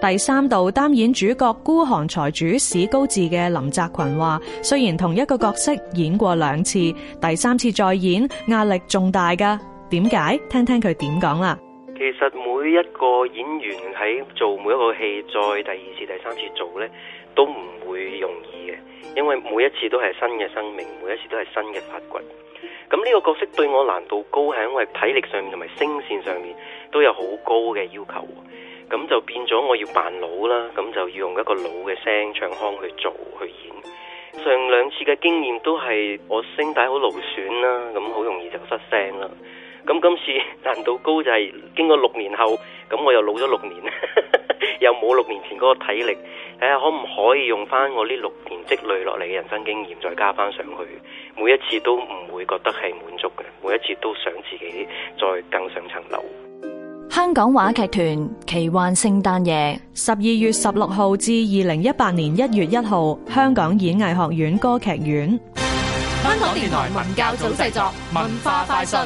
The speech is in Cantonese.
第三度擔演主角孤寒財主史高志嘅林澤群話：雖然同一個角色演過兩次，第三次再演壓力仲大㗎。點解？聽聽佢點講啦。其實每一個演員喺做每一個戲，再第二次、第三次做呢，都唔會容易嘅，因為每一次都係新嘅生命，每一次都係新嘅發掘。咁呢個角色對我難度高，係因為體力上面同埋聲線上面都有好高嘅要求。咁就變咗我要扮老啦，咁就要用一個老嘅聲唱腔去做去演。上兩次嘅經驗都係我聲帶好勞損啦，咁好容易就失聲啦。咁今次難度高就係經過六年後，咁我又老咗六年， 又冇六年前嗰個體力，睇下可唔可以用翻我呢六年積累落嚟嘅人生經驗再加翻上去。每一次都唔會覺得係滿足嘅，每一次都想自己再更上層樓。香港話劇團奇幻聖誕夜，十二月十六號至二零一八年一月一號，香港演藝學院歌劇院。香港電台文教組製作，文化快訊。